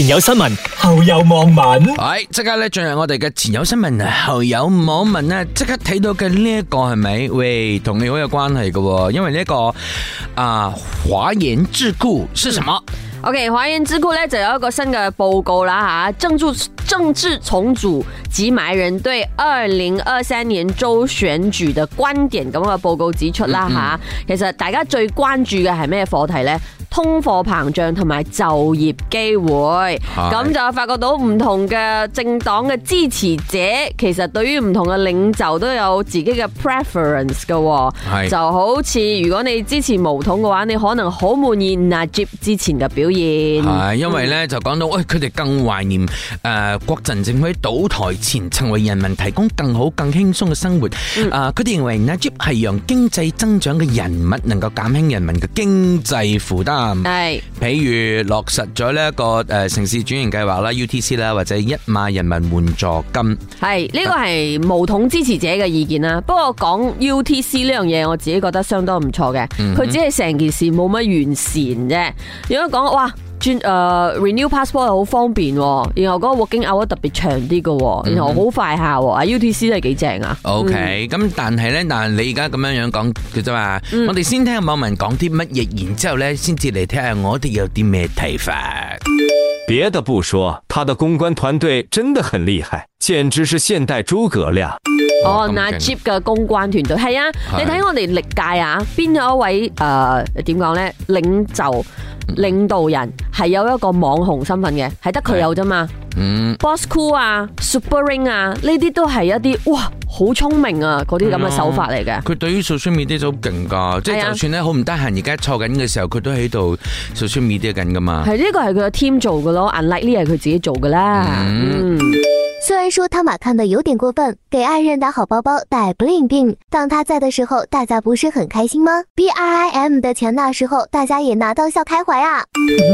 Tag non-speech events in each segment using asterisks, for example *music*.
前有新聞，後有網民。係即刻咧進入我哋嘅前有新聞，後有網民咧，即刻睇到嘅呢一個係咪？喂，同你好有關係嘅，因為呢、這個啊華、呃、言智庫是什麼、嗯？OK，華言智庫咧就有一個新嘅報告啦吓，政治政治重組指埋人對二零二三年州選舉嘅觀點咁嘅報告指出啦吓、嗯嗯。其實大家最關注嘅係咩課題咧？通貨膨脹同埋就業機會，咁就發覺到唔同嘅政黨嘅支持者，其實對於唔同嘅領袖都有自己嘅 preference 嘅、哦，就好似如果你支持巫統嘅話，你可能好滿意 Najib 之前嘅表現。係，因為咧就講到，喂、哎，佢哋更懷念誒、呃，國陣政府倒台前，曾為人民提供更好、更輕鬆嘅生活。啊、呃，佢哋認為 Najib 係讓經濟增長嘅人物，能夠減輕人民嘅經濟負擔。係、嗯，譬如落實咗呢一個誒城市轉型計劃啦，UTC 啦，或者一馬人民援助金，係呢個係巫統支持者嘅意見啦。不過講 UTC 呢樣嘢，我自己覺得相當唔錯嘅，佢只係成件事冇乜完善啫。如果講哇。誒、uh,，renew passport 又好方便，然後嗰個 working hour 拗得特別長啲嘅，然後好快下，啊、嗯、UTC 都係幾正啊！OK，咁但係咧，但係你而家咁樣樣講嘅啫嘛，我哋先聽下網民講啲乜嘢？然之後咧先至嚟聽下我哋有啲咩睇法。別的不說，他的公關團隊真的很厲害，簡直是現代諸葛亮。哦、oh,，那 cheap、個、嘅公關團隊係啊，你睇我哋歷屆啊，邊有一位誒點講咧領袖？領導人係有一個網紅身份嘅，係得佢有啫嘛、嗯。Boss Cool 啊，Super Ring 啊，呢啲、啊、都係一啲哇，好聰明啊，嗰啲咁嘅手法嚟嘅。佢對於 social media 都好勁噶，即係就算咧好唔得閒，而家坐緊嘅時候，佢都喺度 social media 緊噶嘛。係呢個係佢個 team 做噶咯，Unlike 呢係佢自己做噶啦。雖然說他馬看得有點過分，給愛人打好包包帶 bling bling，當他在的時候，大家不是很開心嗎？B R I M 的錢那時候大家也拿到笑開懷啊，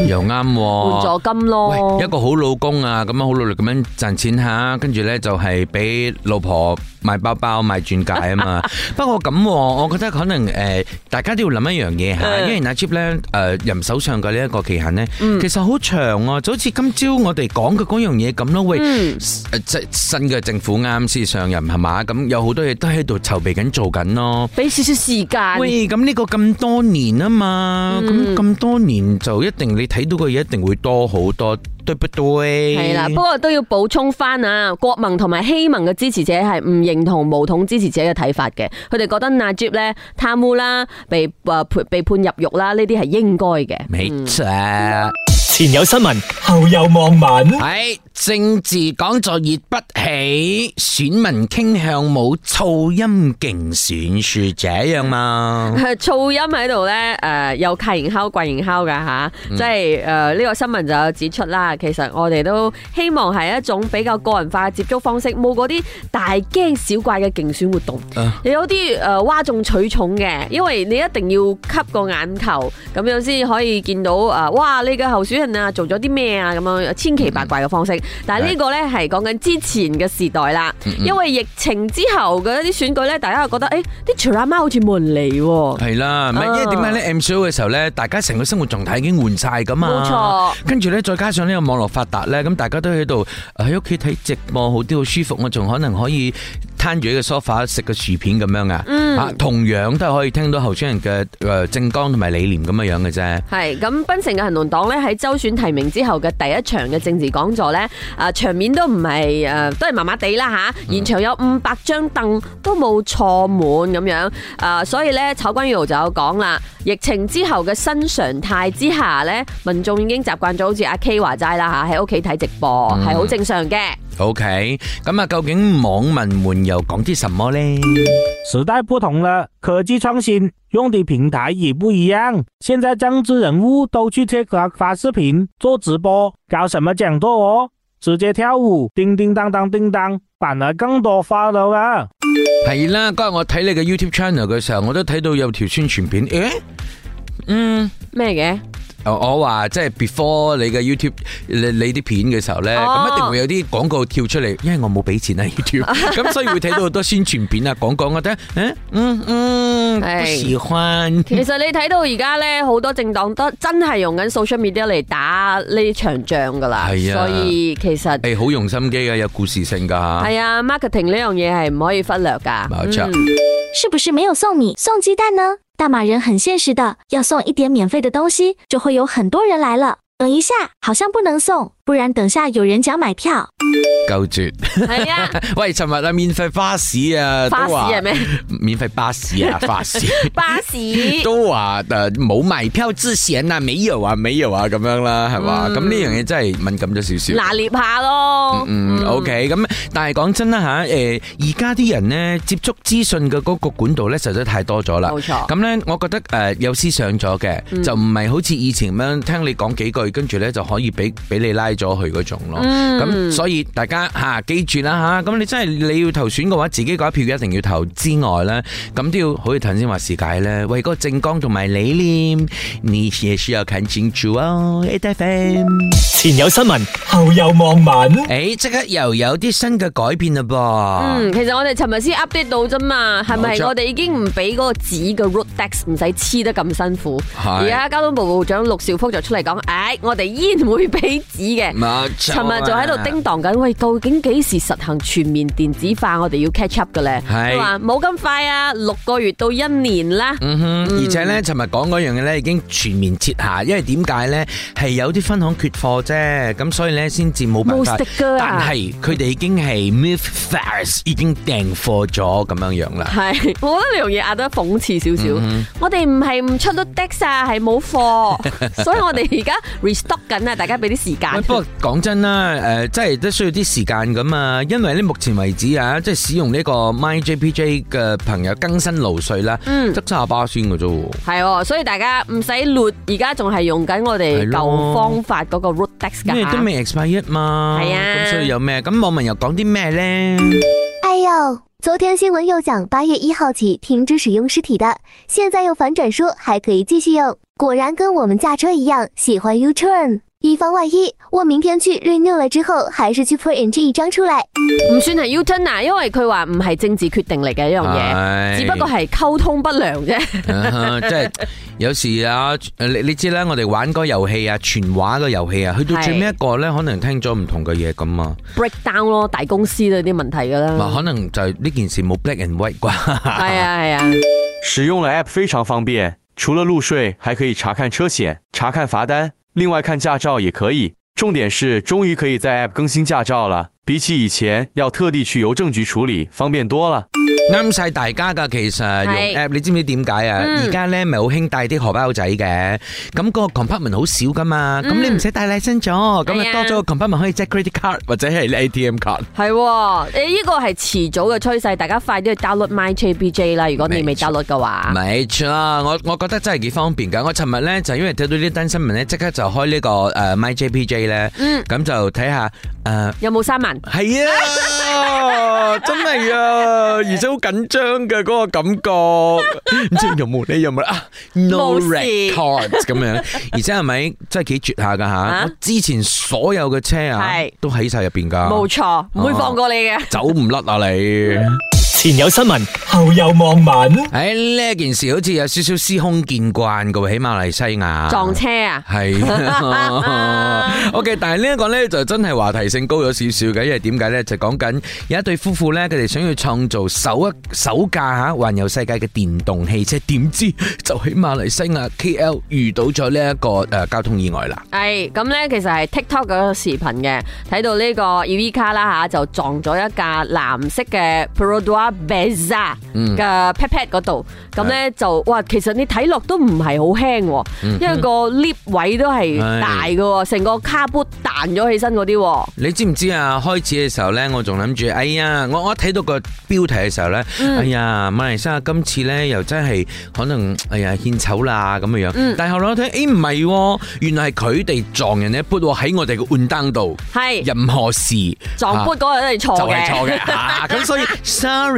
嗯、又啱換咗金咯喂，一個好老公啊，咁樣好努力咁樣賺錢吓、啊，跟住咧就係俾老婆買包包買鑽戒啊嘛。 *laughs* 不過咁、哦，我覺得可能誒、呃，大家都要諗一樣嘢吓， *laughs* 因為阿 Jib 咧誒人手上嘅呢一個期限呢，其實好長啊，嗯、就好似今朝我哋講嘅嗰樣嘢咁咯，喂。嗯。即新嘅政府啱先上任係嘛，咁有好多嘢都喺度籌備緊做緊咯，俾少少時間。喂，咁呢個咁多年啊嘛，咁咁多年就一定你睇到嘅嘢一定會多好多，對不對？係啦，不過都要補充翻啊，國盟同埋希盟嘅支持者係唔認同巫統支持者嘅睇法嘅，佢哋覺得納吉咧貪污啦，被誒判被判入獄啦，呢啲係應該嘅，未錯。前有新聞，後有網民。喺政治講座熱不起，選民傾向冇噪音競選，是這樣嗎？噪音喺度咧，誒有靠言敲，貴言敲嘅嚇，即係誒呢個新聞就有指出啦。其實我哋都希望係一種比較個人化嘅接觸方式，冇嗰啲大驚小怪嘅競選活動，又有啲誒嘩眾取寵嘅，因為你一定要吸個眼球，咁樣先可以見到啊！哇，呢個候選人。啊，做咗啲咩啊咁樣千奇百怪嘅方式，嗯、但係呢個咧係講緊之前嘅時代啦、嗯，因為疫情之後嘅一啲選舉咧、嗯，大家又覺得誒啲除阿媽好似冇人嚟，係啦，唔、啊、係因為點解咧 M C O 嘅時候咧，大家成個生活狀態已經換晒㗎嘛，冇錯，跟住咧再加上呢個網絡發達咧，咁大家都喺度喺屋企睇直播好啲，好舒服，我仲可能可以。攤住依個 sofa 食個薯片咁樣啊、嗯！同樣都係可以聽到候選人嘅誒政綱同埋理念咁樣樣嘅啫。係咁，檳城嘅行動黨咧喺周選提名之後嘅第一場嘅政治講座咧，誒場面都唔係誒都係麻麻地啦吓，現場有五百張凳都冇坐滿咁樣。誒所以咧，丑君堯就有講啦。疫情之後嘅新常態之下咧，民眾已經習慣咗好似阿 K 話齋啦吓，喺屋企睇直播係好、嗯、正常嘅。O K，咁啊，究竟網民們。又講啲什麼呢？時代不同了，科技創新，用的平台也不一樣。現在政治人物都去 TikTok 發視頻、做直播、搞什麼講座哦，直接跳舞，叮叮當當叮當，反而更多 follow 啦。係啦，嗰日我睇你嘅 YouTube channel 嘅時候，我都睇到有條宣傳片。誒，嗯，咩嘅？哦、我我話即係 before 你嘅 YouTube 你你啲片嘅時候咧，咁、哦、一定會有啲廣告跳出嚟，因為我冇俾錢啊 YouTube，咁 *laughs* 所以會睇到好多宣傳片啊，講講我啫，嗯嗯嗯，喜歡。其實你睇到而家咧，好多政黨都真係用緊 social media 嚟打呢場仗噶啦，係啊，所以其實誒好、欸、用心機嘅，有故事性噶吓，係啊，marketing 呢樣嘢係唔可以忽略噶。冇錯、嗯，是不是沒有送米送雞蛋呢？大馬人很現實的，要送一點免費的東西，就會有很多人來了。等一下，好像不能送。不然等下有人講買票，夠絕係啊！ *laughs* 喂，尋日啊，免費巴士啊，巴士話咩？巴士係咩免費巴士啊，巴士，巴士都話誒，冇買票之前啊，沒有啊，沒有啊，咁樣啦，係、嗯、嘛？咁呢樣嘢真係敏感咗少少，拿捏下咯。嗯，嗯，嗯，OK。咁但係講真啦吓，誒，而家啲人呢，接觸資訊嘅嗰個管道咧，實在太多咗啦。冇錯。咁咧，我覺得誒有思想咗嘅，就唔係好似以前咁樣聽你講幾句，跟住咧就可以俾俾你拉。咗佢嗰種咯，咁所以大家吓、啊、記住啦吓，咁、啊、你真係，你要投選嘅話，自己嗰一票一定要投之外咧，咁都要好似頭先話事解咧，為嗰個政綱同埋理念，你亦需要近前做啊 ATFM 前有新聞，後有網民，誒、欸，即刻又有啲新嘅改變啦噃。嗯，其實我哋尋日先 update 到啫嘛，係咪我哋已經唔俾嗰個紙嘅 root decks 唔使黐得咁辛苦？而家交通部部長陸兆福就出嚟講，誒、哎，我哋依然會俾紙嘅。冇。尋日就喺度叮噹緊，喂，究竟幾時實行全面電子化？我哋要 catch up 嘅咧。係。話冇咁快啊，六個月到一年啦。嗯哼。而且咧，尋日講嗰樣嘢咧，已經全面撤下，因為點解咧，係有啲分行缺貨啫，咁所以咧先至冇。冇 stock 啊。但係佢哋已經係 move fast，已經訂貨咗咁樣樣啦。係。我覺得你容易壓得諷刺少少。我哋唔係唔出 dex 啊，係冇貨，所以我哋而家 restock 緊啊，大家俾啲時間。講真啦，誒、呃，真係都需要啲時間咁啊，因為呢，目前為止啊，即係使用呢個 MyJPJ 嘅朋友更新路稅啦，執三廿八先嘅啫。係哦，所以大家唔使 r 而家仲係用緊我哋舊方法嗰個 road tax 噶，都未 expire 嘛。係啊，需要有咩咁網民又講啲咩咧？哎喲，昨天新聞又講八月一號起停止使用屍體的，現在又反轉說還可以繼續用。果然跟我們駕車一樣，喜歡 U-turn。以防萬一，我明天去 renew 了之後，還是去 print 一張出來。唔算係 U-turn 啊，因為佢話唔係政治決定嚟嘅一樣嘢，只不過係溝通不良啫、啊。 *laughs* 即係有時啊，你你知啦，我哋玩個遊戲啊，傳話個遊戲啊，去到最尾一個咧，可能聽咗唔同嘅嘢咁啊。Break down 咯，大公司嗰啲問題噶啦。嗱，可能就係呢件事冇 black and white 啩。係 *laughs* 啊係啊。使用了 app 非常方便，除了入稅，還可以查看車險、查看罰單。另外看駕照也可以，重點是終於可以在 App 更新駕照了。比起以前要特地去郵政局處理，方便多喇。啱晒大家噶，其實用 app，你知唔知點解啊？而家咧咪好興帶啲荷包仔嘅，咁、那個 compartment 好少噶嘛，咁、嗯、你唔使帶禮金咗，咁、嗯、你多咗個 compartment、嗯、可以借 credit card 或者係 ATM card。係、哦、誒、這、呢個係遲早嘅趨勢，大家快啲去 download my JPJ 啦。如果你未 download 嘅話，冇錯，我我覺得真係幾方便噶。我尋日咧就是、因為睇到呢單新聞咧，即刻就開呢、這個誒 my JPJ 咧，咁、呃嗯、就睇下誒、呃、有冇新聞。係啊， *laughs* 真係的啊， *laughs* 而且好緊張嘅嗰個感覺，唔 *laughs* 知有冇你有冇 *laughs* 啊，no records 咁樣，而且係咪真係幾絕下噶吓？我之前所有嘅車啊，都喺晒入邊噶，冇錯，唔、啊、唔會放過你嘅，走唔甩啊你。 *laughs* 前有新聞，後有網民。誒，呢一件事好似有少少司空見慣嘅喎，喺馬來西亞撞車啊？係。OK，但係呢一個咧就真係話題性高咗少少嘅，因為點解咧就講緊有一對夫婦咧，佢哋想要創造首一首架吓環遊世界嘅電動汽車，點知就喺馬來西亞 KL 遇到咗呢一個誒交通意外啦。係咁咧，其實係 TikTok 嗰個視頻嘅，睇到呢個 EV 卡啦吓，就撞咗一架藍色嘅 Prodrive。Benz 啊嘅 pat pat 嗰度。咁咧就，哇，其實你睇落都唔係好輕，因為個 lift 位都係大嘅，成個 car boot 彈咗起身嗰啲。你知唔知啊？開始嘅時候咧，我仲諗住，哎呀，我我睇到個標題嘅時候咧，哎呀，馬來西亞啊，今次咧又真係可能，哎呀獻醜啦咁嘅樣。但係後來我睇，哎唔係，原來係佢哋撞人嘅 boot 喺我哋嘅換燈度。係任何事撞 boot 嗰個都係錯，就係錯嘅吓。咁所以 sorry。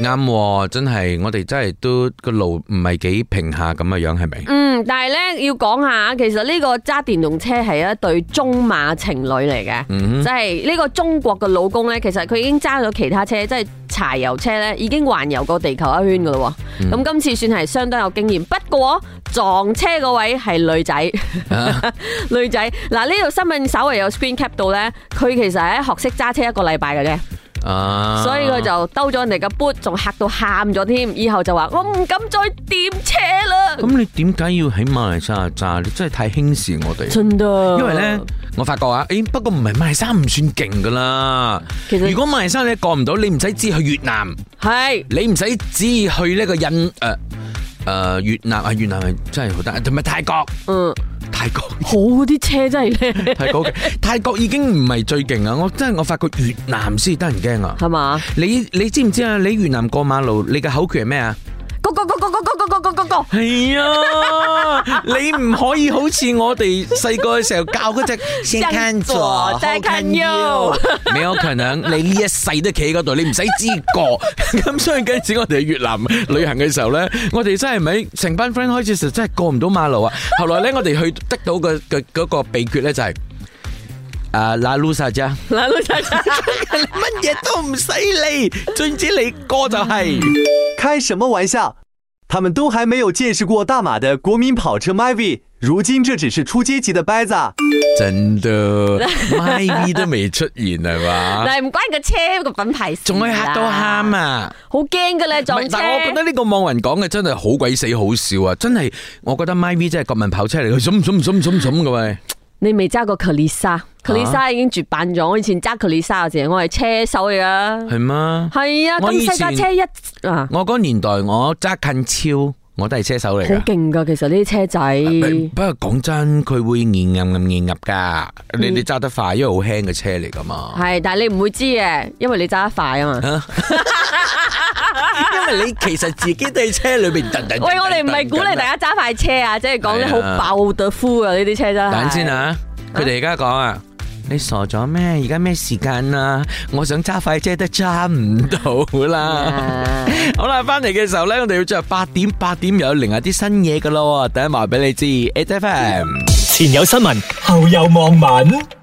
啱，真係我哋真係都個路唔係幾平，下咁嘅樣，係咪？嗯，但係呢，要講下，其實呢個揸電動車係一對中馬情侶嚟嘅，即係呢個中國嘅老公呢，其實佢已經揸咗其他車，即、就、係、是、柴油車呢，已經環遊過地球一圈噶咯。咁、嗯、今次算係相當有經驗，不過撞車嗰位係女仔，啊、 *laughs* 女仔嗱呢度新聞稍為有 screen cap 到呢，佢其實喺學識揸車一個禮拜嘅啫。所以佢就兜咗人哋個杯，仲吓到喊咗添，以後就話我唔敢再掂車啦。咁你點解要喺馬來西亞揸？你真係太輕視我哋。真噶。因為咧，我發覺啊，誒，不過唔係馬來西亞唔算勁噶啦。其實如果馬來西亞你過唔到，你唔使只去越南，係你唔使只去呢個印誒誒越南啊，越南係真係好得，同埋泰國。嗯。泰國好啲車真係叻。泰國嘅，泰國已經唔係最勁啊！我真係我發覺越南先得人驚啊！係嘛？你你知唔知啊？你越南過馬路，你嘅口訣係咩啊？哥哥哥哥哥嗰個嗰個嗰係啊！你唔可以好似我哋細個嘅時候教嗰隻，真緊要，真緊要。你我強人，你呢一世都企喺嗰度，你唔使知覺。咁所以嗰次我哋越南旅行嘅時候咧，我哋真係咪成班 friend 開始時真係過唔到馬路啊？後來咧，我哋去得到嘅嘅嗰個秘訣咧就係，誒，拉魯薩啫，拉魯薩，你乜嘢都唔使理，總之你過就係。開什麼玩笑？他們都還沒有見識過大馬的國民跑車 Myvi，如今這只是初階級的班子，真的 *laughs* Myvi 都未出現係嘛？嗱，唔 *laughs* *laughs* *laughs* 關個車個品牌，仲會嚇到喊啊！好驚噶咧，但係我覺得呢個網民講嘅真係好鬼死好笑啊！真係，我覺得 Myvi 真係國民跑車嚟，佢怎怎怎怎怎嘅喂？你未揸過克里斯莎已經絕版咗，我以前揸克里斯莎嘅時候，我係車手嚟噶。係嗎？係啊，咁細架車一啊！我嗰年代我揸近超，我都係車手嚟。好勁噶，其實呢啲車仔。不過講真，佢會硬硬硬硬噶，你你揸得快，因為好輕嘅車嚟噶嘛。係，但係你唔會知啊，因為你揸得快啊嘛。因為你其實自己喺車裏邊等等。喂，我哋唔係鼓勵大家揸快車啊，即係講啲好爆得呼啊呢啲車真係。等先啊，佢哋而家講啊。你傻咗咩？而家咩時間啊？我想揸快車都揸唔到啦！好啦，翻嚟嘅時候咧，我哋要着八點，八點又有另外啲新嘢噶啦，等一埋俾你知。H F M 前有新聞，後有網民。